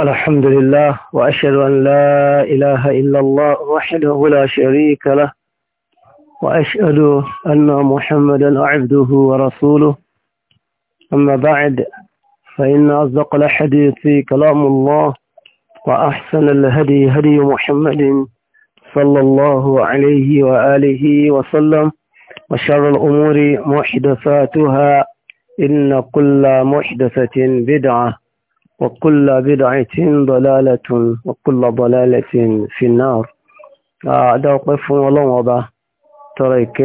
الحمد لله وأشهد أن لا إله إلا الله وحده لا شريك له وأشهد أن محمدا عبده ورسوله أما بعد فإن أصدق الحديث كلام الله وأحسن الهدي هدي محمد صلى الله عليه وآله وسلم وشر الأمور محدثاتها إن كل محدثة بدعة وكل بدعة ضلالة وكل ضلالة في النار أدعو قف الله وضع تريك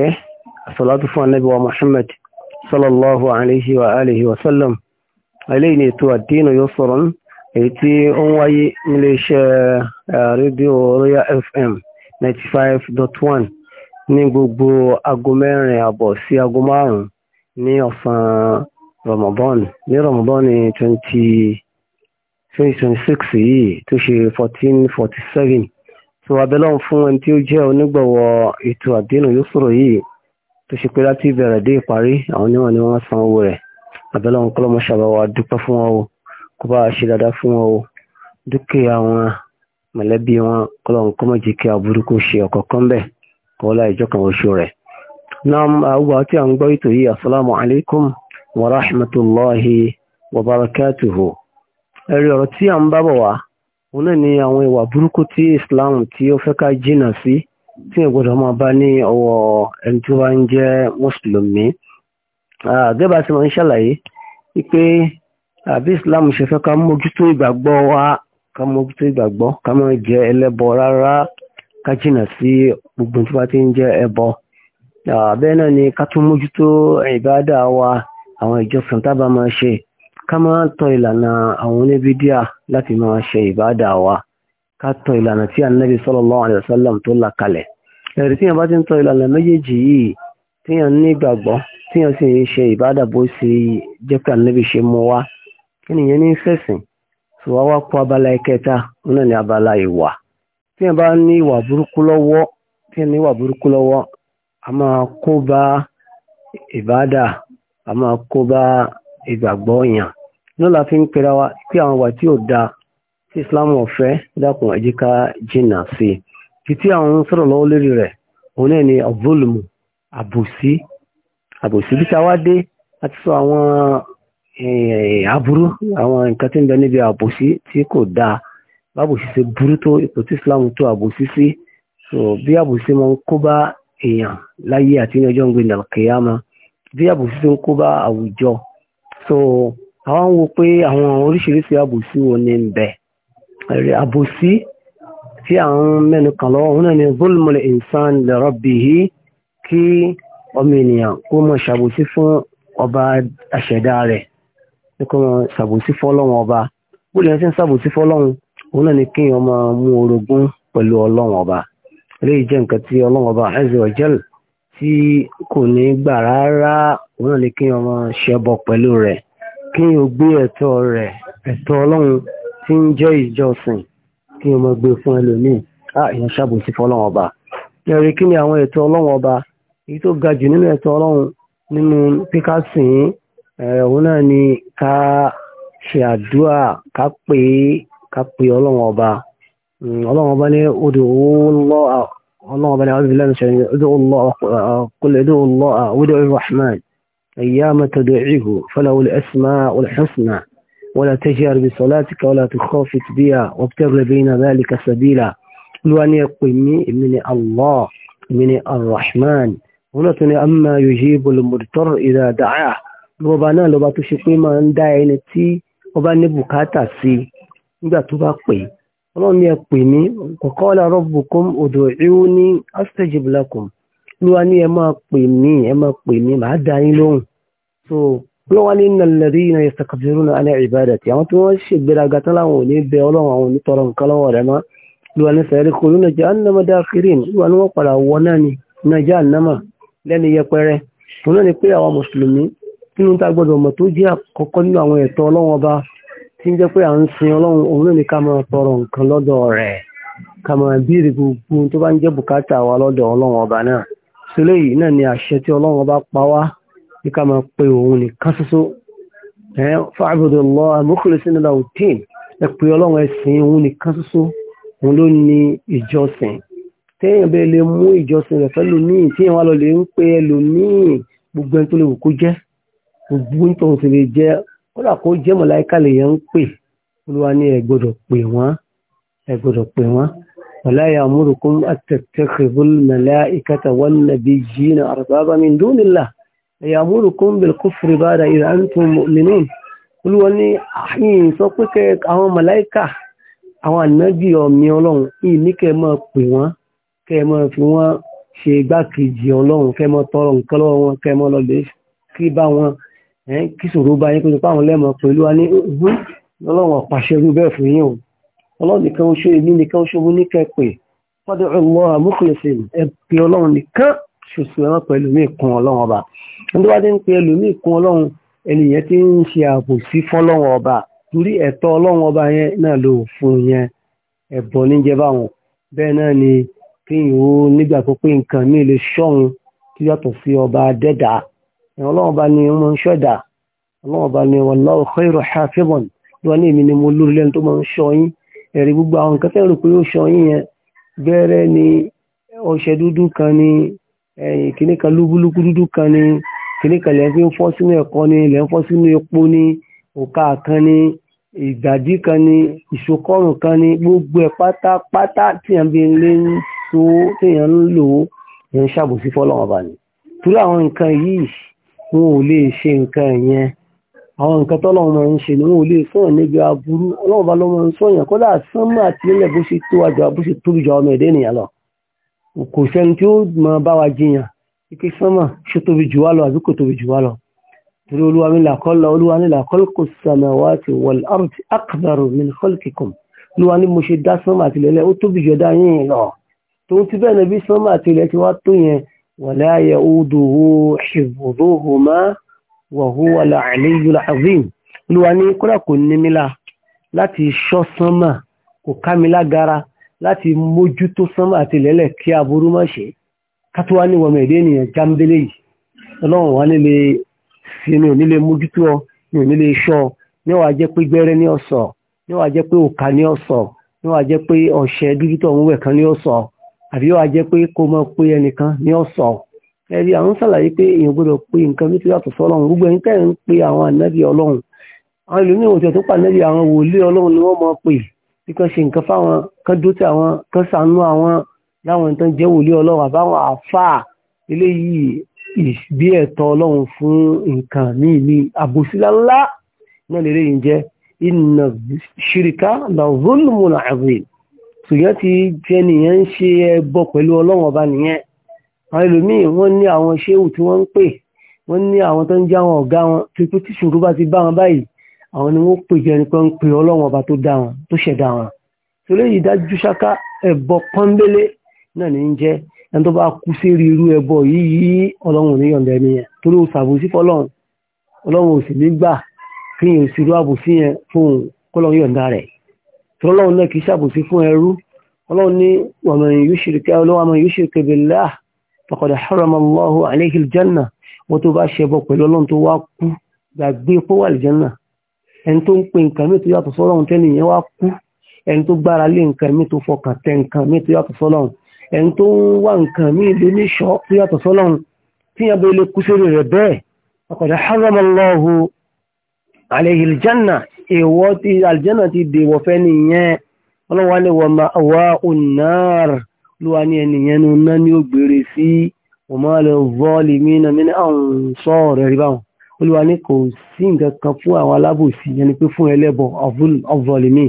الصلاة على النبي ومحمد صلى الله عليه وآله وسلم إليني الدين يسرا èyí ó ń wáyé níléeṣẹ́ rédíò royal fm ninety five dot one ní gbogbo aago mẹ́rin àbọ̀ sí aago márùn-ún ní ọ̀sán ramadan ní ramadan twenty twenty twenty six yìí tó ṣe fourteen forty seven tó abẹ́lọ́run fún ẹni tí ó jẹ́ onígbọ̀wọ́ ètò àdéhùn yóò sọ̀rọ̀ yìí tó ṣe pé láti ìbẹ̀rẹ̀ dé ìparí àwọn onímọ̀ ni wọ́n san owó rẹ̀ abẹ́lọ́run kọ́lọ́mọ ṣàbáwá dúpẹ́ fún wọn o kó bá ṣe dáadáa fún wọn o dúkìá wọn mọ̀lẹ́bí wọn kọ́lọ́run kọ́mọ̀ jẹ́ kí aburú ṣe ọ̀kọ̀ọ̀kan bẹ̀ kọ́ láì jọ kan oṣù rẹ̀. naam àwọn àti àwọn gbọ́ ètò yìí asalaamualeykum wa rahmatulahi wa barakatuhu ẹ̀rí ọ̀rọ̀ tí à ń bábọ̀ wá òun náà ni àwọn ìwà burúkú tí Islam tí ó fẹ́ ká jìnà sí tí ẹ̀ gbọ́dọ̀ máa bá ní ọwọ́ ẹni tó bá ń jẹ́ mùsùlùmí. gẹ́gẹ́ sì máa ń ṣàlàyé wípé àbí Islam ṣe fẹ́ ká mójútó ìgbàgbọ́ wa ká mójútó ìgbàgbọ́ ká má jẹ́ ẹlẹ́bọ rárá ká jìnà sí gbogbo tó bá ti ń jẹ́ ẹbọ. bẹ́ẹ̀ náà ni ká tún mójútó ìbádà wa àwọn ìjọsìn tá a bá ká máa tọ ìlànà àwọn oníbídíà láti máa ṣe ìbádà wa ká tọ ìlànà tí Ànábì sallallahu alaihi wasallam tó là kalẹ̀ ẹ̀rí tíyàn bá ti ń tọ ìlànà méjèèjì yìí tíyàn ní ìgbàgbọ́ tíyàn sì ń ṣe ìbádà bó ṣe jẹ́ pé Ànábì ṣe mú wa kí nìyẹn ní sẹ̀sìn tó wá wá kó abala ẹ̀kẹta náà ní abala ìwà tíyàn bá ní ìwà burúkú lọ́wọ́ tíyàn ní ìwà burúkú lọ́wọ́ a máa kó bá ìbádà a máa kó bá ìgbàgbọ́ yàn náà la fi ń pera wa pé àwọn wà tí ò da tí islam ọ̀fẹ́ dákun ẹ̀jẹ̀ ká jìnnà sí i títí àwọn ń sọ̀rọ̀ lọ́wọ́ lórí rẹ̀ òun náà ni abúlùmù àbòsí àbòsí bí táwa dé àti sọ àwọn aburú àwọn nǹkan tí ń bẹ níbi àbòsí tí kò dáa bábòsí ṣe burú tó ipò tí islam tó àbòsí sí so bí àbòsí máa ń kó bá èèyàn láyé àti ní ọjọ́ ń gbé nàìjíríà bí àbòsí ṣe ń kó bá àwùjọ so àwọn wo pé àwọn oríṣiríṣi àbòsí wo ni ń bẹ àbòsí tí àwọn mẹ́nu kàn lọ́wọ́ òun náà ni zulmul insan li rabbihi kí ọmọ ènìyàn kó mọ̀ ṣàbòsí fún ọba àṣẹ̀dá rẹ̀ kó mọ̀ ṣàbòsí fọ́lọ́run ọba bó lè ṣe ń ṣàbòsí fọ́lọ́run òun náà ni kí ọmọ mú orogún pẹ̀lú ọlọ́run ọba eléyìí jẹ́ nǹkan tí ọlọ́run ọba azza wa tí kò ní gbà rárá òun náà ni kí ọmọ ṣẹbọ pẹ̀lú rẹ̀ kí o gbé ẹ̀tọ́ rẹ̀ ẹ̀tọ́ ọlọ́run tí ń jẹ́ ìjọsìn kí o mọ gbé fún ẹlòmíì á ìyẹn ṣàbòsí fọlọ́run ọba ẹ̀rí kí ni àwọn ẹ̀tọ́ ọlọ́run ọba èyí tó ga jù nínú ẹ̀tọ́ ọlọ́run nínú píkà sìn ẹ̀hún náà ni ká ṣe àdúrà ká pè é ká pè ọlọ́run ọba hmm, ọlọ́run ọba ní odò ọlọ́run ọba ní ọdún ìlànà ṣẹlẹ̀ ọdún ọlọ́run ọdún ọlọ́run ọdún ìrọ̀hánà أيام تدعيه فله الأسماء الحسنى ولا تجهر بصلاتك ولا تخافت بها وابتغ بين ذلك سبيلا لأن يقيمي من الله من الرحمن هنا أما يجيب المرتر إذا دعاه ربنا لو باتشكي ما ندعي وبان بكاتا سي nígbà tó bá pè وقال ربكم ادعوني أستجب لكم lúwa ní ẹ máa pè mí ẹ máa pè mí màá dá yín lóhùn so bí wọ́n ní nàlẹ́rí iná ẹ̀sẹ̀ kàfẹ́rú náà alẹ́ ìbàdàn tí àwọn tí wọ́n ṣègbéraga tán láwọn ò ní bẹ ọlọ́run àwọn onítọ̀rọ̀ nǹkan lọ́wọ́ rẹ̀ mọ́ lúwa ní sẹ́rí kò lónà jẹ́ ànàmọ́ dákìrín lúwa ní wọ́n padà wọ náà ni iná jẹ́ ànàmọ́ lẹ́ni yẹpẹrẹ òun náà ni pé àwọn mùsùlùmí nínú tá a gbọdọ̀ mọ̀ tó jẹ́ àkọ́kọ́ nínú àwọn ẹ̀tọ́ ọlọ́run ọba tí ń jẹ́ pé à ń sin ọlọ́run òun náà ká máa tọrọ nǹkan lọ́dọ̀ rẹ̀ ká máa bíire gbogbo tó bá ń jẹ́ bùkátà wa lọ́dọ̀ ọlọ́run ọba náà sílẹ̀ yìí náà ni àṣẹ tí ọlọ́run bá pa wá bí ká máa pe òun nìkan ṣoṣo ẹ̀ fa'budu Allah mukhlisina lahu ddin ẹ pe ọlọ́run ẹ̀sìn òun nìkan ṣoṣo òun ló ní ìjọsìn téèyàn bẹ́ẹ̀ lè mú ìjọsìn rẹ̀ pẹ̀lú míì téèyàn wá lọ lè ń pe ẹlòmíì gbogbo ẹni tó lè wù kó jẹ́ gbogbo ẹni tó sì lè jẹ́ kódà kó jẹ́ mọ̀láìkà lèèyàn ń pè olúwa ní ẹ pè wọ́n ẹ pè wọ́n ولا يأمركم أن تتخذوا الملائكة والنبيين أربابا من دون الله يأمركم بالكفر بعد إذا أنتم مؤمنون قل وني أحيين سوكك أو ملائكة أو النبي أو ميولون إني كما قوان كما فيوان ṣe igbákejì ọlọ́run kẹ́ mọ́ كما nǹkan lọ́wọ́ wọn kẹ́ mọ́ lọ́lẹ̀ kí bá wọn kí ṣòro bá yín ọlọ́run nìkan oṣù èmi nìkan oṣù mo níkẹ́ pè fọ́dẹ̀ ọlọ́run àmúkùlẹ̀sẹ̀ ẹ̀pẹ́ ọlọ́run nìkan ṣoṣù ẹ̀rọ pẹ̀lú mi kún ọlọ́run ọba nítorí wá dé ń pe ẹlòmíì kún ọlọ́run ẹnìyẹn ti ń ṣe àbòsí fọ́lọ́run ọba torí ẹ̀tọ́ ọlọ́run ọba yẹn náà ló fún yẹn ẹ̀bọ níjẹ́ báwọn bẹ́ẹ̀ náà ni kéèyàn ó nígbà tó pé nǹkan mi lè ṣọ́run tó yàtọ̀ sí ọba dẹ́dà ọlọ́run ọba ni wọ́n ń ṣọ́ ẹ̀rí gbogbo àwọn nǹkan tẹ́rù pé ó ṣọ yín yẹn gẹ́rẹ́ ni ọṣẹ dúdú kan ni ẹ̀yìn kìíní kan lúbúlúkú dúdú kan ni kìíní kan lẹ́yìn fi ń fọ́ sínú ẹ̀kọ́ ni lẹ́yìn fọ́ sínú epo ni òkà kan ni ìgbàdí kan ni ìṣokọ́rùn kan ni gbogbo ẹ̀ pátápátá tí èèyàn bí lè ń so tí ń lò ó èèyàn ṣàbòsí fọ́lọ́wọ́n bá ní. torí àwọn nǹkan yìí wọn ò lè ṣe nǹkan yẹn àwọn nǹkan tó lọ́wọ́ máa ń ṣe ni wọ́n ò lè sọ̀rọ̀ níbi aburú ọlọ́wọ́ bá lọ́wọ́ ń sọ̀yàn kó láà sánmọ́ àti ilẹ̀ bó ṣe tó àjọ bó ṣe tóbi jọ ọmọ ẹ̀dẹ́ ènìyàn lọ kò sẹ́ni tí ó máa bá wa jiyàn ike sánmọ́ ṣe tóbi jù wá lọ àbí kò tóbi jù wá lọ torí olúwa mi làkọ́ lọ olúwa ní làkọ́ kò samawati wal ti bẹ́ẹ̀ ni bí sánmọ́ àti ilẹ̀ wa huwa al-aliyyul azim olúwa ní kódà kò ní mi la láti ṣọ́ sánmà kò ká mi lágara láti mójútó sánmà àti lẹ́lẹ̀ kí aburú má ṣe kátó wá ní wọmọ èdè ènìyàn jámbélé yìí ọlọ́run wá nílé sínú nílé mójútó ọ ní onílé iṣọ níwàá jẹ́ pé gbẹ́rẹ́ ní ọ̀sọ̀ tó ń ẹ̀rí àwọn sàlàyé pé èèyàn gbọ́dọ̀ pé nǹkan bí ti yàtọ̀ sọ́lọ́run gbogbo ẹ̀yin tẹ́ ń pe àwọn ànábì ọlọ́run àwọn ìlú ní òtẹ̀ tó pa ànábì àwọn wòlíì ọlọ́run ni wọ́n mọ̀ pé bí kan ṣe nǹkan fáwọn kan dó tí àwọn kan sànú àwọn láwọn nǹkan jẹ́ wòlíì ọlọ́run àbáwọn àáfàá eléyìí ìgbé ẹ̀tọ́ ọlọ́run fún nǹkan míì ní àbòsílá ńlá náà lè léyìn jẹ́ inna ṣìríkà la zulmun azim ṣùgbọ́n ti jẹ́ nìyẹn ń ṣe ẹbọ pẹ̀lú ọlọ́run ọba nìyẹn àwọn ẹlòmíì wọ́n ní àwọn ṣéwù tí wọ́n ń pè wọ́n ní àwọn tó ń jẹ́ àwọn ọ̀gá wọn tuntun tí ṣòro bá ti bá wọn báyìí àwọn ni wọ́n pè jẹ́ nípa ń pè ọlọ́wọ́n ọba tó dá wọn tó ṣẹ̀dá wọn. sọlá yìí dájú ṣáká ẹ̀bọ pọ́nbélé náà ní í jẹ́ ẹni tó bá kú sí irú ẹ̀bọ yìí ọlọ́run ò ní yọ̀ǹda ẹni yẹn torí o ṣàbòsí fọlọ́run ọlọ́run ò sì ní gbà kí yẹn òsì rúwàbò sí yẹn fún kọlọ́run yọ̀ǹda rẹ̀ torí náà kì í ṣàbòsí fún ẹrú ọlọ́run ní wàmọ̀ yóò ṣe faqad harama Allahu alayhi al-janna wọ́n tó bá ṣẹbọ pẹ̀lú ọlọ́run tó wá kú gbàgbé pó wà al-janna ẹni tó ń pe nǹkan mi tó yàtọ̀ sọ́lọ́run tẹ́nìyẹn wá kú ẹni tó gbára lé nǹkan mi tó fọkàn tẹ nǹkan mi tó yàtọ̀ sọ́lọ́run ẹni tó ń wá nǹkan mi lé ní ṣọ́ tó yàtọ̀ sọ́lọ́run tíyàn bẹ́ẹ̀ lè kú sórí rẹ̀ bẹ́ẹ̀ faqad harama Allahu alayhi al ti al ti dèwọ̀ fẹ́ nìyẹn ọlọ́wọ́ oluwa ni ní ẹni yẹn nínú náà ní ògbére sí òmọ́lẹ̀ vọ́ọ̀lì mìíràn mìíràn àwọn sọ́ọ̀rọ̀ rí báwọn olúwa ní kò sí nǹkan kan fún àwọn alábòsí yẹn ni pé fún ẹlẹ́bọ̀ ọ̀vọ́ọ̀lì míì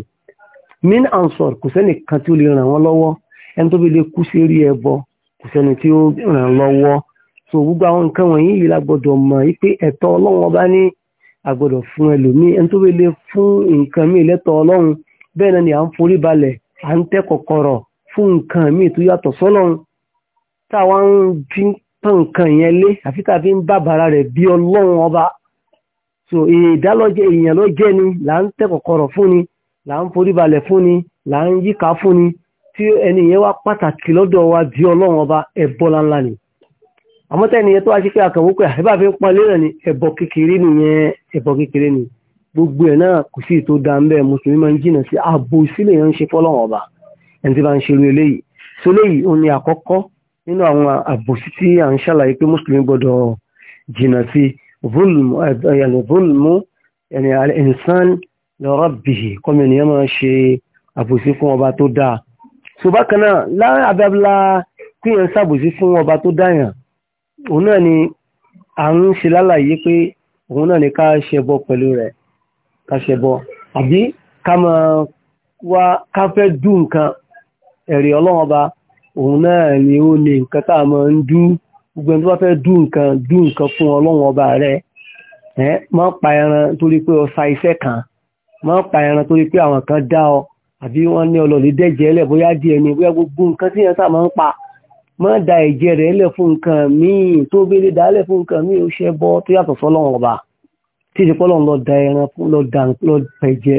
min ansor kò sẹ́ni kan tí ó lè ràn wọ́n lọ́wọ́ ẹni tó fi lè kú sí rí ẹbọ kò sẹ́ni tí ó ràn lọ́wọ́ so gbogbo àwọn nǹkan wọ̀nyí yìí la gbọ́dọ̀ mọ̀ yí pé ẹ̀tọ́ ọlọ́run ọba ní àgbọ̀dọ̀ fún ẹlòmíì ẹni tó fi lè fún nǹkan lẹ́tọ̀ ọlọ́run bẹ́ẹ̀ náà ni à ń forí balẹ̀ à ń fún nǹkan míì tó yàtọ̀ sọ́lọ́run táwa ń fi ń pọ́n nǹkan yẹn lé àfi tá ń bàbàrà rẹ̀ bí ọlọ́run ọba so ìdálọ́jẹ́ èèyàn ló jẹ́ ni là ń tẹ́ kọ̀kọ̀rọ̀ fún ni là ń foríbalẹ̀ fún ni là ń yíká fún ni tí ẹni yẹn wá pàtàkì lọ́dọ̀ wa bí ọlọ́run ọba ẹ̀bọ́ láńlá ni àmọ́ tẹ́ni yẹn tó wá sí pé àkànwó pé àbí àfi ń palẹ́ rẹ̀ ni ẹ̀bọ kékeré nìyẹn ẹ̀bọ kékeré ni gbogbo ẹ̀ náà kò sí ètò dáńbẹ́ mùsùlùmí máa ń jìnnà sí ààbò sílẹ̀ yẹn ń ṣe fọ́lọ́run ọba ẹni tí bá ń ṣerú eléyìí so léyìí òun ni àkọ́kọ́ nínú àwọn àbòsí tí à ń ṣàlàyé pé mùsùlùmí gbọ́dọ̀ jìnnà sí volmu ẹni al-insan li rabbihi kọ́mi ènìyàn máa ṣe àbòsí fún ọba tó dáa so bákan náà lára abẹ́bílá kí èèyàn ṣàbòsí fún ọba tó dáyàn òun náà ni à ń ṣe lálàyé pé òun náà ni ká ṣẹbọ pẹ̀lú rẹ̀ ká ṣẹbọ àbí ká máa wá ká fẹ́ dùn nǹkan ẹ̀rí ọlọ́run ọba òun náà ni ó ní nǹkan tá a máa ń dú gbogbo ẹni tó bá fẹ́ dú nǹkan dú nǹkan fún ọlọ́run ọba rẹ ẹ má pa ẹran torí pé ọ̀sà iṣẹ́ kan má pa ẹran torí pé àwọn kan dá ọ àbí wọ́n ní ọlọ́ọ̀lẹ́ dẹ́jẹ́ lẹ̀ bóyá díẹ̀ ni bóyá gbogbo nǹkan tí yẹn sá máa ń pa má da ẹ̀jẹ̀ rẹ̀ lẹ̀ fún nǹkan míì tó bẹ́lẹ̀ dá lẹ̀ fún nǹkan míì ó ṣẹ́ bọ́ tó yàtọ̀ sọ́lọ́run tí ìṣe pọ́ lọ da ẹran lọ da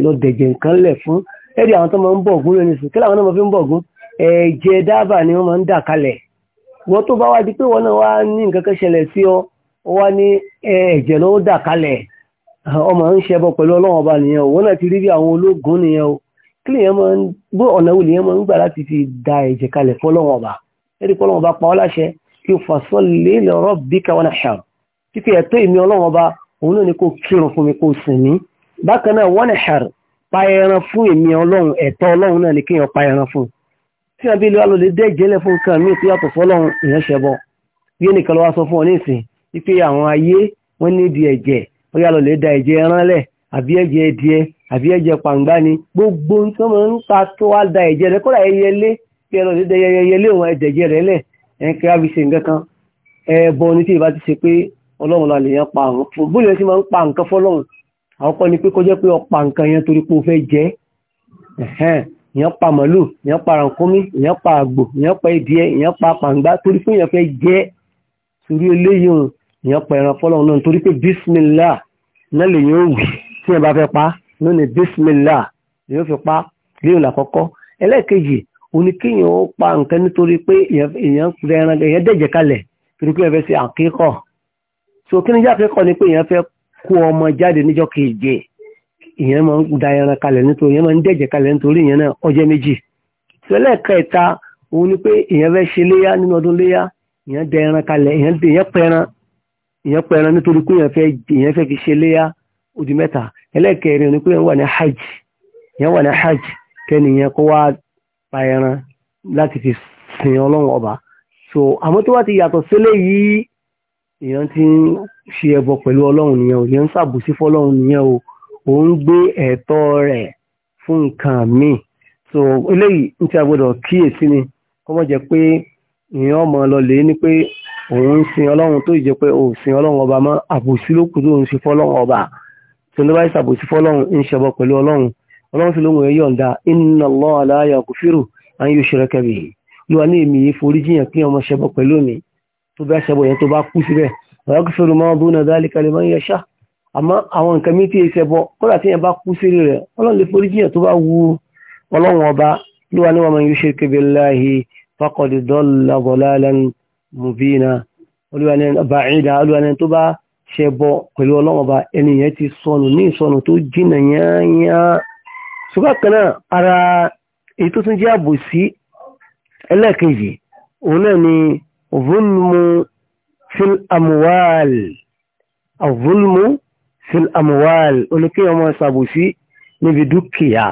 lọ dẹ̀jẹ̀ nǹkan lẹ̀ fún ẹ̀rí àwọn tó máa ń bọ̀gún lónìí sùn kí làwọn náà máa fi ń bọ̀gún ẹ̀jẹ̀ dábà ni wọ́n máa ń dà kalẹ̀ wọ́n tó bá wá di pé wọ́n náà wá ní nǹkan kan ṣẹlẹ̀ sí ọ wá ní ẹ̀jẹ̀ ló dà kalẹ̀ ọmọ ń ṣẹbọ pẹ̀lú ọlọ́wọ́n ọba nìyẹn o wọ́n náà ti rí bí àwọn ológun nìyẹn o kí lèyẹn máa ń bó ọ̀nà wo lèyẹn máa ń gbà láti fi da ẹ̀jẹ̀ kalẹ̀ fọlọ́wọ́n ọba ẹ̀rí fọlọ́wọ́n ọba pa ọ́ láṣẹ kí o fàṣọ lé lọ́rọ́ ẹran fún ìmí ọlọ́run ẹ̀tọ́ ọlọ́run náà ni kéèyàn pa ẹran fún un tí àbí ilé wa ló lè dẹ́gẹ́lẹ̀ fún nǹkan míì tó yàtọ̀ fọ́lọ́run ìyẹn ṣẹbọ bí ẹnìkan lọ wá sọ fún ọ nísìn wípé àwọn ayé wọ́n nídìí ẹ̀jẹ̀ ó yà lọ lè da ẹ̀jẹ̀ ẹran lẹ̀ àbí ẹ̀jẹ̀ ẹdìẹ àbí ẹ̀jẹ̀ pàǹgbá ni gbogbo tí wọ́n ń pa tó wá da ẹ̀jẹ̀ rẹ kódà ẹyẹlé kí ẹ lọ lè da ni tí ìbá ti ṣe pé ọlọ́run la lè ni pé kó jẹ́ pé ó pa nǹkan èèyàn pa màlúù èèyàn pa rànkúnmí èèyàn pa àgbò èèyàn pa ìdíẹ èèyàn pa pàǹgbá torí pé èèyàn fẹ́ jẹ́ torí eléyìí òun èèyàn pa ẹran fọlọ́run náà torí pé bísímìlá náà lèyìn ó wì tí èèyàn bá fẹ́ pa náà ní bísímìlá lèyìn ó fi pa léyìn làkọ́kọ́ ẹlẹ́ẹ̀kejì òní kéèyàn ó pa nǹkan nítorí pé èèyàn rẹ ẹran èèyàn dẹ̀jẹ̀ kalẹ̀ torí pé èèyàn fẹ́ ṣe àkíkọ̀ so kí ni jáde ni pé èèyàn fẹ́ kó ọmọ jáde níjọ́ keje ìyẹn máa ń da ẹran kalẹ̀ nítorí ìyẹn máa ń dẹ̀jẹ̀ kalẹ̀ nítorí ìyẹn náà ọjọ́ méjì tẹ́lẹ̀ kẹta òun ni pé ìyẹn fẹ́ ṣe léyá nínú ọdún léyá ìyẹn dẹ ẹran kalẹ̀ ìyẹn dẹ ìyẹn pẹran ìyẹn pẹran nítorí pé ìyẹn fẹ́ ìyẹn fẹ́ fi ṣe di mẹ́ta ẹlẹ́kẹrin ni pé ìyẹn wà ní hajj ìyẹn wà ní hajj kẹ́ni ìyẹn kó wá pa ẹran láti fi so àmọ́ tó wá ti yàtọ̀ sílé yìí ìyẹn ti ń ṣe o ìyẹn ń ṣàbùsí o ò ń gbé ẹ̀tọ́ rẹ̀ fún nǹkan míì so eléyìí ní tí a gbọ́dọ̀ kíyèsí ni kọ́mọ jẹ́ pé èèyàn ọmọ lọ lè ní pé òun sin ọlọ́run tó jẹ́ pé òun sin ọlọ́run ọba mọ́ àbòsí ló kù tó ń ṣe fọ́lọ́run ọba tó ní báyìí ṣàbòsí fọ́lọ́run ń ṣẹbọ pẹ̀lú ọlọ́run ọlọ́run sì lóhun yọ̀ǹda inna Allaha la yaghfiru an yushraka bihi ló wà ní èmi àmọ́ àwọn nǹkan mi tí ẹsẹ̀ bọ́ kọ́lá tí yẹn bá kú sí rẹ̀ ọlọ́run lè forí jiyàn tó bá wu ọlọ́run ọba lúwa ní wa man yushrik billahi faqad dalla dalalan mubina olúwa ní ba'ida olúwa ní tó bá ṣe bọ́ pẹ̀lú ọlọ́run ọba ẹni yẹn ti sọnù ní ìsọnù tó jìnà yányá ṣùgbọ́n kan náà ara fil amuwal oníkéèyàn máa ṣàbòsí níbi dúkìá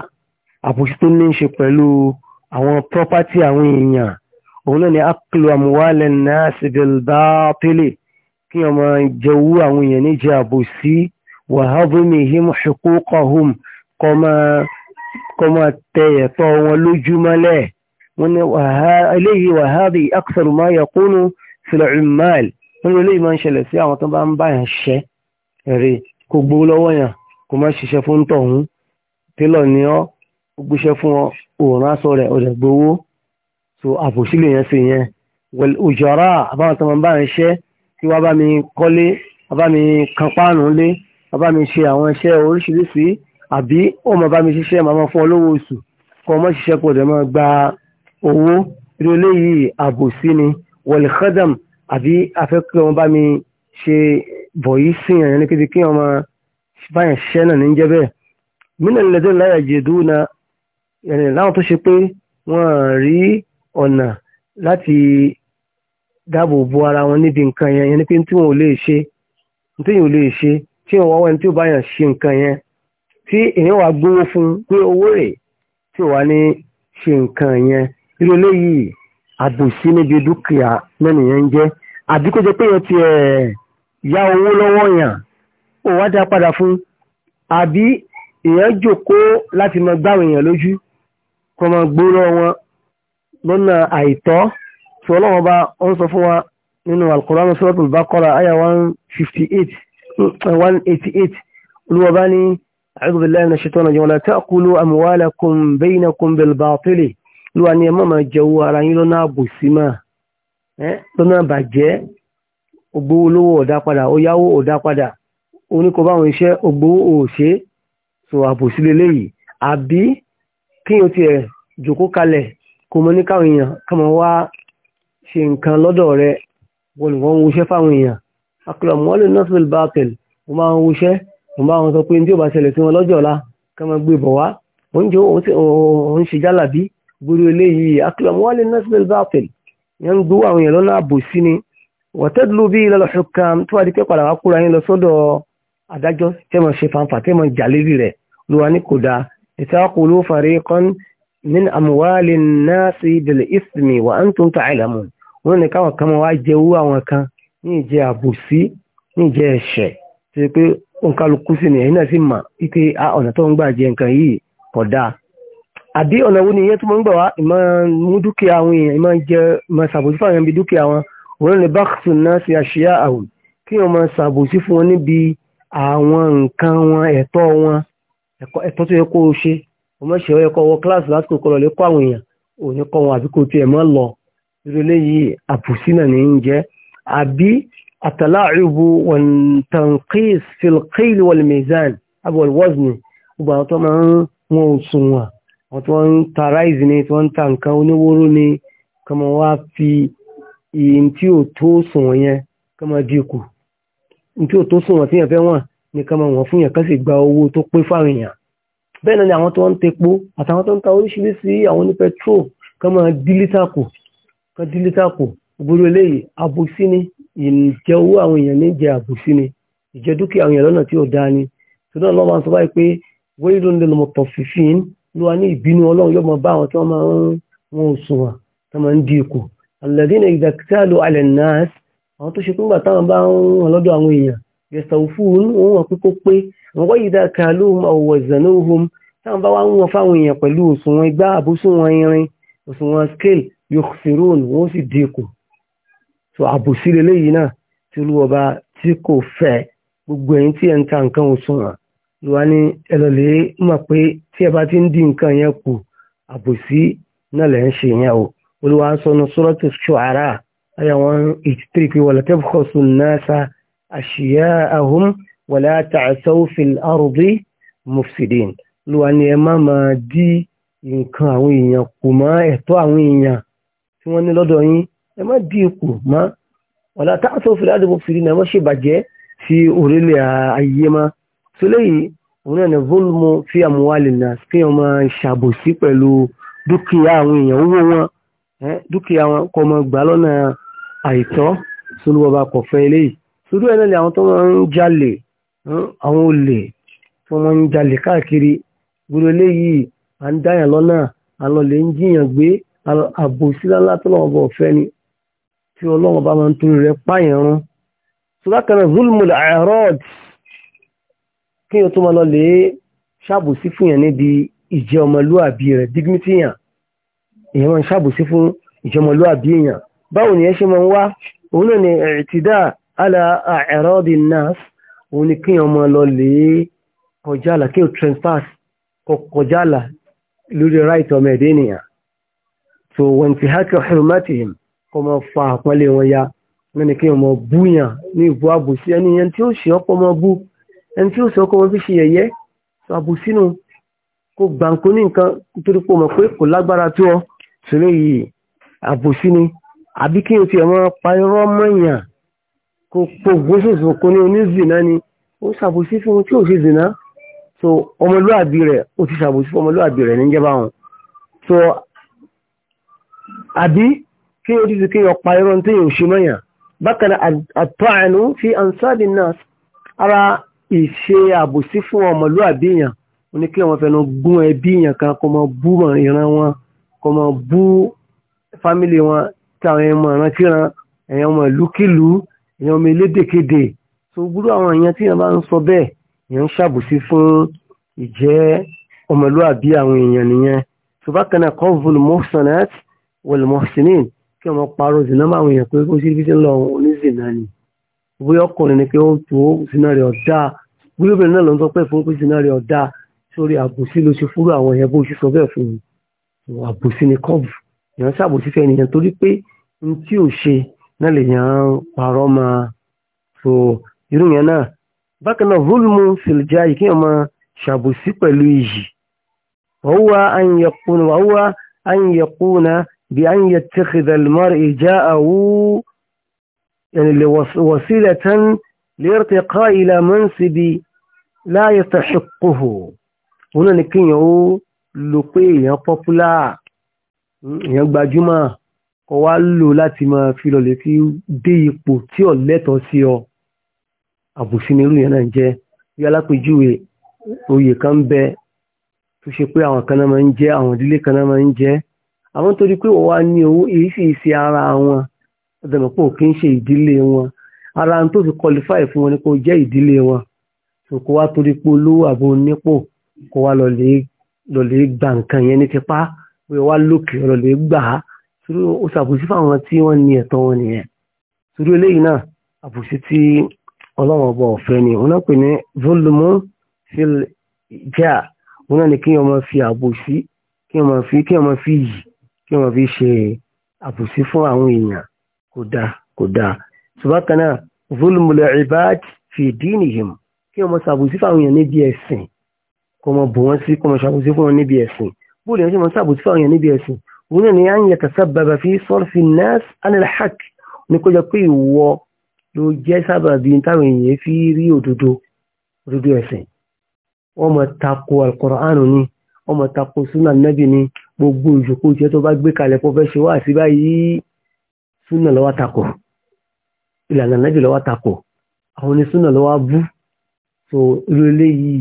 àbòsí tó ní í ṣe pẹ̀lú àwọn property àwọn èèyàn òun náà ni aklu amuwal an-nas bil batil kí wọ́n máa jẹ owó àwọn èèyàn níjẹ àbòsí wa hadmihim huquqahum kọ́ máa tẹ ẹ̀tọ́ wọn lójúmọ́lẹ̀ wọ́n ní eléyìí wa hadhi akthar ma yakunu fil ummal wọ́n ní eléyìí máa ń ṣẹlẹ̀ sí àwọn tó bá ń báyàn ṣẹ́ rí kò gbowó lọ́wọ́ yàn kò má ṣiṣẹ́ fún tọ̀hún télọ̀ ni ọ́ ó gbéṣẹ́ fún ọ òòrùn aṣọ rẹ̀ ọ̀rẹ́ gbowó so àbòsí lè yẹn ṣe yẹn òjọ̀ra àbáwọn tọmọ bá ń ṣẹ́ kí wọ́n bá mi kọ́lé bá mi kan páànù lé bá mi ṣe àwọn iṣẹ́ oríṣiríṣi àbí ó bá mi ṣiṣẹ́ màmá fún ọ oṣù kọ́ ọmọ ṣiṣẹ́ pọ̀ dẹ̀ mọ́ gba owó irú eléyìí àbòsí ni wọ̀lẹ̀kọ́dàm àbí afẹ́kẹ́ wọn bá mi ṣe bọ̀yí sí ẹ̀yẹn ní kébi kí ọmọ báyẹn ṣẹ́ náà ní jẹ́ bẹ́ẹ̀ mínà lẹ́dẹ̀ na láwọn tó ṣe pé wọ́n rí ọ̀nà láti dáàbò bo ara wọn níbi nǹkan yẹn yẹn ni pé tí wọn ò lè ṣe tí wọn ò lè ṣe tí wọn tí ó ṣe nǹkan yẹn tí èèyàn gbówó fún pé owó tí ní ṣe nǹkan yẹn irú yá owó lọ́wọ́ yàn ó wá dá padà fún àbí èèyàn jòkó láti mọ gbáwọn èèyàn lójú kọ́ mọ gbóró wọn lọ́nà àìtọ́ tí ọlọ́wọ́n bá ń sọ fún wa nínú Al-Qur'an Suratul Baqara àyà one fifty eight one eighty eight olúwa bá ní a'udhu billahi minash shaitani rajim la ta'kulu amwalakum bainakum bil batili ni ẹ má máa jẹ ara yín lọ́nà àbòsí máa lọ́nà àbàjẹ́ ògbówó lówó ọ̀dá padà ó yáwó ọ̀dá padà oníkọ báwọn iṣẹ́ ògbówó òṣè sọ àbòsí lélẹ́yìí àbí kí o tiẹ̀ jòkó kalẹ̀ kò mọ ní káwọn èèyàn kàmọ́ wá ṣe nǹkan lọ́dọ̀ rẹ wọn ni wọ́n ń wuṣẹ́ fáwọn èèyàn akọlọ̀ wọn lè nọ́ọ̀sì bàtẹ̀l mo máa ń wuṣẹ́ mo máa ń sọ pé ní tí ò bá ṣẹlẹ̀ sí wọn lọ́jọ́ ọ̀la kàmọ́ gbé bọ̀ wá oúnjẹ òun ṣe jálàbí gbúrú eléyìí akọlọ̀ wọn lè nọ́ọ̀sì bàtẹ̀l yẹn ń gbowó àwọn èèyàn lọ́nà àbòsí ni wọ̀tẹ́dùlù bí ilẹ̀ hukam tó wà di pé padà wá kúra yín lọ sọ́dọ̀ adájọ́ tẹ́mọ̀ ṣe fanfà tẹ́mọ̀ jàlérí rẹ̀ lóra ní kò dáa ìtàkùlù fariqan min amwalin nasi bil ismi wa antum ta'lamun wọn ni káwọn kan wá jẹ owó àwọn kan ní ìjẹ àbùsí ní ìjẹ ẹ̀ṣẹ̀ tó ṣe pé òǹkàlùkù sí ni ẹ̀yin náà sì mà wípé ah, ọ̀nà tó ń gbà jẹ nǹkan yìí kò dáa àbí ọ̀nà wo ni ìyẹn tó mọ̀ ń gbà wá ìmọ̀ mú dúkìá àwọn èèyàn ìmọ̀ jẹ ìmọ̀ ṣàbòsí fáwọn ẹbí dúkìá wọn wọ́n lè bákùtù náà sí àṣíyá àwùn kí wọ́n máa ṣàbòsí fún wọn níbi àwọn nǹkan wọn ẹ̀tọ́ wọn ẹ̀tọ́ tó yẹ kó o ṣe wọ́n mọ̀ ṣe ọ yẹ kó wọ kíláàsì lásìkò kọlọ̀ lè kó àwọn èèyàn ò ní kọ́ wọn àbí kó tiẹ̀ mọ́ lọ irú eléyìí àbòsí náà ní í jẹ́ àbí àtàláàrùbù wọn tanqis fil qil wal mizan abul wazn gbogbo àwọn tó máa ń wọn ìyìn tí ò tó sùnwọ̀n yẹn ká máa dínkù o tí ò tó sùnwọ̀n tí yẹn fẹ́ nwa ní ká máa wọ̀n fún yẹn ká sì gba owó tó pé fáwọn èèyàn ni àwọn tó ń tepo àtàwọn tó ń ta oríṣiríṣi àwọn ní petrol ká máa dílítà kù ká dílítà kù gbogbo eléyìí àbòsí ni ìjẹ owó àwọn èèyàn ní jẹ àbòsí ni ìjẹ dúkìá àwọn èèyàn lọ́nà tí ò dáa ni ṣùgbọ́n lọ́wọ́ máa sọ báyìí pé wọ́n ló ń lè fífín ló wà ní ìbínú ọlọ́run yóò bá àwọn tí wọ́n máa ń wọn ò sùn tí wọ́n alladhina إذا iktalu على الناس nas àwọn tó ṣe pé nígbà táwọn bá ń wọn lọ́dọ̀ àwọn èèyàn yastawfun wọn wọn pé kó pé wọn wọ́n idha kaluhum aw wazanuhum táwọn bá wá ń wọn fáwọn èèyàn pẹ̀lú òṣùwọ̀n igbá àbúṣùwọ̀n irin òṣùwọ̀n scale yukhsirun wọ́n sì dínkù so àbòsí lélẹ́yìí náà tí olúwọba tí kò fẹ́ gbogbo ẹ̀yin tí ẹ̀ ń ta nǹkan òṣùwọ̀n lọ́wọ́ ní ẹ bá olúwa ń sọnù sọ́rọ́tù ṣọ́ara ayà wọn 83 pé wala tabkhasu an-nasa ashya'ahum wala ta'thaw fil ardi mufsidin olúwa ni ẹ má máa dí nǹkan àwọn èèyàn kù mọ́ ẹ̀tọ́ àwọn èèyàn tí wọ́n ní lọ́dọ̀ yín ẹ má dí ipò mọ́ wala ta'thaw fil ardi mufsidin ẹ má ṣèbàjẹ́ sí orílẹ̀ ayé mọ́ sọlẹ́yìn òun náà ni volmo fi amwalin nas kí wọ́n máa ṣàbòsí pẹ̀lú dúkìá àwọn èèyàn owó wọn dúkìá wọn kọ́ ọmọ gbà lọ́nà àìtọ́ sólúwọba kò fẹ́ eléyìí sódú ẹ̀ náà ni àwọn tó máa ń jalè àwọn olè tó máa ń jalè káàkiri gbogbo eléyìí à ń dáyàn lọ́nà àlọ́lẹ̀ ń jiyàn gbé àbòsí tó lọ́wọ́ bọ̀ fẹ́ ni tí ọlọ́wọ́ bá máa ń torí rẹ̀ páyàn rún sódú àkàrà zulmul arad kí o tó máa lọ lè ṣàbòsí fún yàn níbi ìjẹ́ ọmọlúwàbí rẹ̀ dignity yàn èèyàn máa ń ṣàbòsí fún ìjọmọlúàbí èèyàn báwo ni ẹ ṣe máa ń wá òun náà ni ẹ̀tìdá ala a'radi nas òun ni kíyàn máa lọ lè kọjá àlà kí o transpass kọjá àlà lórí right ọmọ ẹ̀dẹ́ ènìyàn so wọ́n ti hákẹ́ hurmatihim kọ máa fa àpọ́nlé wọn ya wọ́n ni kíyàn máa búyàn ní ìbú àbòsí ẹni ẹni tí ó ṣe ọ̀pọ̀ máa bú ẹni tí ó ṣe ọkọ̀ wọn fi ṣe yẹ̀yẹ́ so àbòsínú kò gbàǹkó ní nǹkan nítorí pé mọ̀ pé kò lágbára tó ọ sílé yìí àbòsí ni àbí kí o ti ẹ̀mọ́ parọ́ mọ́yàn kò pògùn sòsò kò ní onízìnà ni ó ṣàbòsí fún tí ò ṣe zìnà so ọmọlúàbí rẹ̀ ó ti ṣàbòsí fún ọmọlúàbí rẹ̀ níjẹba wọn so àbí kí o ti kí ọpa irọ́ tí yóò ṣe mọ́yàn bákan àtọ́ àánú fi ansáàdì náà ara ìṣe àbòsí fún ọmọlúàbí yàn ó ní kí ọmọ fẹnu gún ẹbí yàn kan kó mọ bú ìran wọn kó mọ bú fámìlì wọn tí àwọn ẹ̀yàn ọmọ ìrántíran ẹ̀yàn ọmọ ìlúkìlú ẹ̀yàn ọmọ elédèkéde tó gbúrú àwọn èèyàn tí èèyàn bá ń sọ bẹ́ẹ̀ èèyàn ń ṣàbùsí fún ìjẹ́ ọmọlúàbí àwọn èèyàn nìyẹn tó bá kan náà kọ́ọ̀vùl mọ́sánẹ́t wẹ̀lmọ́sínìn kí ọmọ parọ́ zìnà máa ń yàn pé ó sì fi ń lọ onízìnà ni bóyá ọkùnrin ni pé ó tó zìnà rẹ̀ ọ̀dà bóyá obìnrin náà ló ń sọ pé fún pé zìnà rẹ̀ ọ̀dà sórí àbùsí ló ṣe fúrú àwọn èèyàn bó ṣe sọ bẹ́ẹ̀ fún mi àbòsí ni kọ́ọ̀bù èèyàn ṣàbòsí fẹ́ nìyẹn torí pé n tí ò ṣe náà lèèyàn parọ́ máa so irú yẹn náà bákan náà zulmu fìlìjà yìí kéèyàn máa ṣàbòsí pẹ̀lú iyì wàhùwà àyìnyẹ̀kùn wàhùwà àyìnyẹ̀kùn bí àyìnyẹ̀tẹ̀kìdà lùmọ́rì ìjà àwù wàsílẹ̀ tán lértẹ̀kọ́ ìlà mọ́nsibí láyẹ̀ tàṣíkùhù wọn ni kéèyàn ó lo pé èèyàn pọ́pùlà èèyàn gbajúmọ̀ kó wá lò láti máa fi lọ lè fi dé ipò tí ò lẹ́tọ̀ọ́ sí ọ àbùsí ni irú yẹn náà jẹ́ bí alápèjúwe oyè kan ń bẹ tó ṣe pé àwọn kan náà máa ń jẹ àwọn ìdílé kan náà máa ń jẹ àwọn torí pé wọ́n wá ní owó èyí sì ṣe ara wọn ọ̀dọ̀mọ̀pọ̀ kì í ṣe ìdílé wọn ara tó fi qualify fún wọn ni kò jẹ́ ìdílé wọn kò wá torí pé olówó àbò nípò kò wá lọ lè lọ lè gba nǹkan yẹn ní tipá pé wá lókè lọ lè gbà á sórí ó ṣàbòsí fáwọn tí wọ́n ní ẹ̀tọ́ wọn nìyẹn sórí eléyìí náà àbòsí tí ọlọ́run ọba ọ̀fẹ́ ni òun náà pè ní volumu fil jà òun náà ni kí wọ́n máa fi àbòsí kí wọ́n máa fi kí wọ́n máa fi yìí kí wọ́n máa fi ṣe àbòsí fún àwọn èèyàn kò dáa kò dáa ṣùgbọ́n kan náà volumu lil ibad fi dinihim kí wọ́n máa ṣàbòsí fáwọn èèyàn níbi ẹ̀sìn kó mọ bù wọ́n sí kó mọ ṣàbòsí fún wọn níbi ẹ̀sìn bóòlù yẹn ṣe mọ ṣàbòsí fún àwọn yẹn níbi ẹ̀sìn òun náà ni à ń yẹ tasababa fi sarfi nas anil haq ní kó jẹ pé ìwọ ló jẹ́ sábàbí táwọn èèyàn fi rí òdodo òdodo ẹ̀sìn wọ́n mọ tako al-Qur'an ni wọ́n mọ tako sunna nabi ni gbogbo ìjòkó jẹ́ tó bá gbé kalẹ̀ pọ̀ fẹ́ ṣe wá sí báyìí sunna ló tako ìlànà nabi ló tako àwọn onísunna ló wá bú so irú eléyìí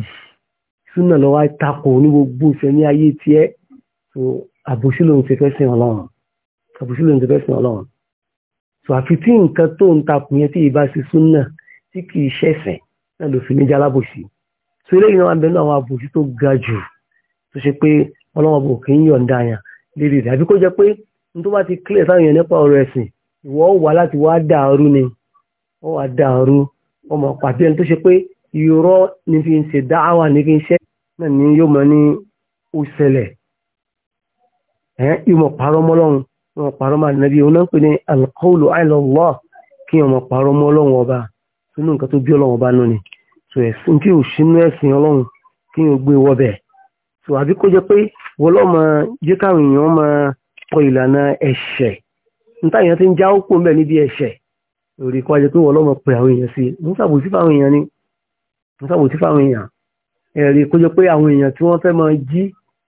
súnà lọ́wọ́ takò ní gbogbo ìfẹ̀mí ayé tí ẹ́ so àbòsí ló ń ti fẹ́ sìn ọlọ́run àbòsí ń ti fẹ́ sìn ọlọ́run so àfi tí nǹkan tó ń takò yẹn tí ìbá ṣe súnà tí kì í ṣẹ̀sìn náà ló fi ní jálábòsí so eléyìí náà wà bẹ́ẹ̀ náà àwọn àbòsí tó ga jù tó ṣe pé ọlọ́run bò kì í yọ̀ǹda yàn lérí rẹ̀ àbí kó jẹ́ pé n tó bá ti clear sáwọn èèyàn nípa ọ̀rọ̀ ẹ̀sìn ìwọ wà láti wá dàrú ni wọ́n wá dàrú ọmọ pàdé ẹni tó ṣe pé irọ́ ní fi ń ṣe dáhàwà ní fi ń ṣe náà ni yóò mọ̀ ní òṣèlẹ̀ ẹ̀ ìmọ̀ parọ́mọ́lọ́run wọn parọ́mọ́ ànábì òun náà pè ní alqawlu ala so ẹ̀sìn tí ò sínú ẹ̀sìn ọlọ́run kí n so àbí kó jẹ́ pé wọ́n lọ́mọ jẹ́ káwọn èèyàn máa kọ ìlànà ẹ̀ṣẹ̀ níta èèyàn ti ń já ó pò ń bẹ̀ ni nǹkanwò tí fáwọn èèyàn ẹ̀rí kó jẹ́ pé àwọn èèyàn tí wọ́n fẹ́ máa jí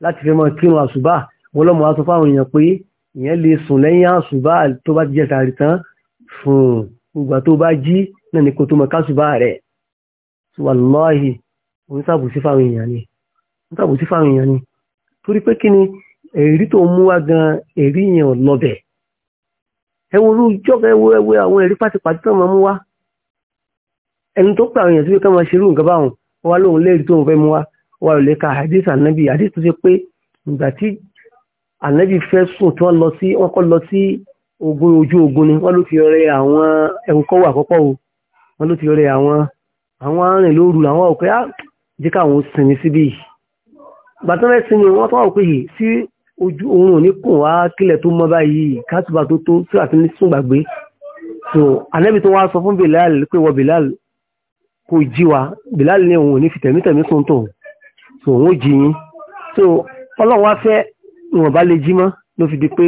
láti fẹ́ máa kírun àṣùbà wọn lọ́mọ wá sọ fáwọn èèyàn pé ìyẹn lè sùn lẹ́yìn àṣùbà tó bá ti jẹ sàárì tán fún ìgbà tó bá jí náà ni kò tó mọ káṣùbà rẹ̀ wàláhì òun sàbòsí fáwọn èèyàn ni òun sàbòsí fáwọn èèyàn ni torí pé kí ni èrí tó mú wá gan èrí yẹn ò ẹ̀wọ̀n olùjọ́ ẹ̀wọ̀ ẹ̀wọ̀ àwọn èrí pátipàti tó máa mú wá ẹni tó pè àwọn èèyàn síbi ká máa ṣerú nǹkan báwọn wá lóun léèrè tóun fẹ́ mú wá wà lè ka hadith anabi hadith tó ṣe pé ìgbà tí anabi fẹ́ sùn tí wọ́n lọ sí wọ́n kọ́ lọ sí ogun ojú ogun ni wọ́n ló fi rẹ àwọn ẹ̀hún kọ́wọ́ àkọ́kọ́ o wọ́n ló fi rẹ àwọn àwọn arìn lóru làwọn ọ̀pẹ́ á ah, jẹ́ káwọn sinmi síbí gbàtà fẹ́ sinmi wọ́n tọ́wọ́ pé yìí sí ojú oorun ò kùn wá kílẹ̀ tó mọ́ báyìí kátùbà tó tó sí àti ní sùn gbàgbé so anabi tó wá sọ fún Bilal pé wọ Bilal kò jí wa bilal ní òun ò ní fi tẹ̀mítẹ̀mí sùn tó so òun ó jí yín so ọlọ́run wá fẹ́ ìwọ̀n bá lè jí mọ́ ló fi di pé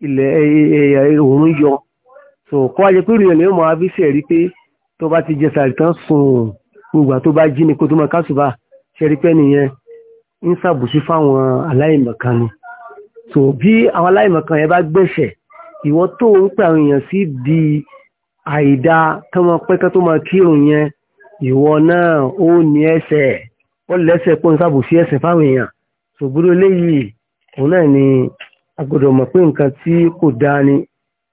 ilẹ̀ òun yọ so kọ́ wá jẹ pé ìrìnlẹ̀ yóò máa fi sẹ̀rí pé tó bá ti jẹ sàrì tán sùn ìgbà tó bá jí ni kó tó máa kásùbà sẹ̀rí pé nìyẹn ń ṣàbùsí fáwọn aláìmọ̀kan ni so bí àwọn aláìmọ̀kan yẹn bá gbẹ̀ṣẹ̀ ìwọ tó ń pè àwọn èèyàn sí di àìdá kán máa pẹ́ kán tó máa kírun yẹn ìwọ náà ó ní ẹsẹ̀ ó lẹ́sẹ̀ pọ́n sábòsí ẹ̀sìn fáwọn èèyàn ṣògbúrú eléyìí òun náà ni a gbọ́dọ̀ mọ̀ pé nǹkan tí kò dáa ni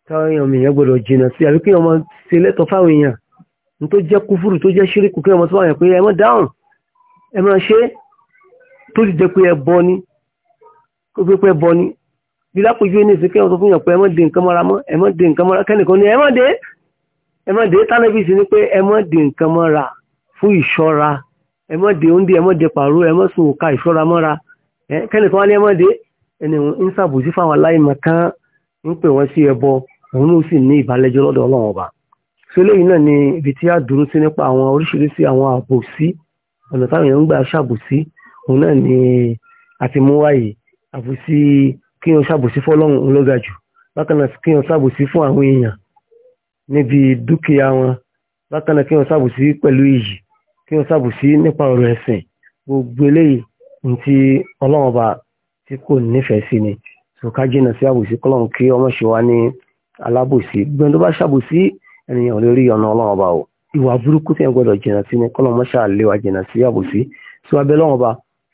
káwọn èèyàn mi yẹn gbọ́dọ̀ jìnnà sí àbí kí ọmọ ṣe lẹ́tọ̀ọ́ fáwọn èèyàn ní tó jẹ́ kúfúrú tó jẹ́ ṣíríkù kí ọmọ tó wà yẹn pé ẹ mọ́ dáhùn ẹ mọ́ ṣe tó ti jẹ́ pé ẹ bọ́ ni kó pé pé bọ́ ni bí lápòjú ẹni ìsìnkẹ́ ọ̀sán fún yàn pé ẹ mọ́ de nǹkan mọ́ra mọ́ ẹ mọ́ de nǹkan mọ́ra kẹ́nìkan ni ẹ mọ́ de ẹmọ́dé tánàbísì ní pé ẹmọ́dé nǹkan mọ́ra fún ìṣọ́ra ẹmọ́dé oúnjẹ ẹmọ́dé pàró ẹmọ́sùn òka ìṣọ́ra mọ́ra kẹ́nìkan wá ní ẹmọ́dé ẹni ń sàbòsí fáwọn aláìmọ̀ kan ń pè wọ́n sí ẹbọ òun ló sì ní ìbálẹ́jọ́ lọ́dọ̀ ọlọ́run ọba so eléyìí náà ni ibi tí a dúró sí nípa àwọn oríṣiríṣi àwọn àbòsí ọ̀nà táwọn èèyàn ń gbà ṣàbòsí òun náà ni àti mú wáyé àbòsí kí wọ́n ṣàbòsí fọ́lọ́run ló ga jù bákan náà kí wọ́n fún àwọn èèyàn níbi dúkìá wọn bákan náà kí wọ́n ṣàbùsí pẹ̀lú iyì kí wọ́n ṣàbùsí nípa ọ̀rọ̀ ẹ̀sìn gbogbo eléyìí ní ti ọlọ́run ọba tí kò nífẹ̀ẹ́ sí ni ṣùkà jìnnà sí àbùsí kọ́lọ́run kí ọmọ ṣe wá ní alábòsí gbọ́n tó bá ṣàbùsí ènìyàn lórí ọ̀nà ọlọ́run ọba o ìwà burúkú tí ẹ̀ gbọ́dọ̀ jìnnà sí ni kọ́lọ́run mọ́ṣà lè wà jìnnà sí àbùsí sí wàá bẹ́ lọ́run ọba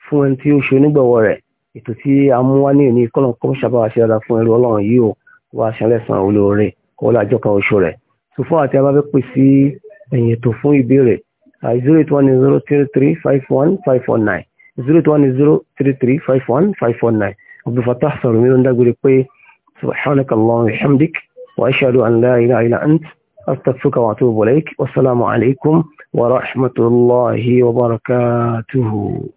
fún ẹni tí ó ṣe onígbọ̀wọ́ rẹ̀ ètò tí a mú wá ní òní kọ́lọ́run kọ́mọ́ṣà bá wa ṣe dáadáa fún ẹrú ọlọ́run yìí o wá ṣẹlẹ̀ sàn olóore kọ́lá àjọkà oṣù rẹ̀ tó fún àti abáfẹ́ pè sí ẹ̀yìn ètò fún ìbéèrè uh, zero eight one zero three three five one five four nine zero eight one zero three three five one five four nine abdulfatah sọ̀rọ̀ mi ló ń dágbére pé subhanakallahu wa hamdik wa ashhadu an la ilaha illa ant astaghfiruka wa atubu ilaik wasalaamu alaykum wa rahmatulahi wa barakatuhu.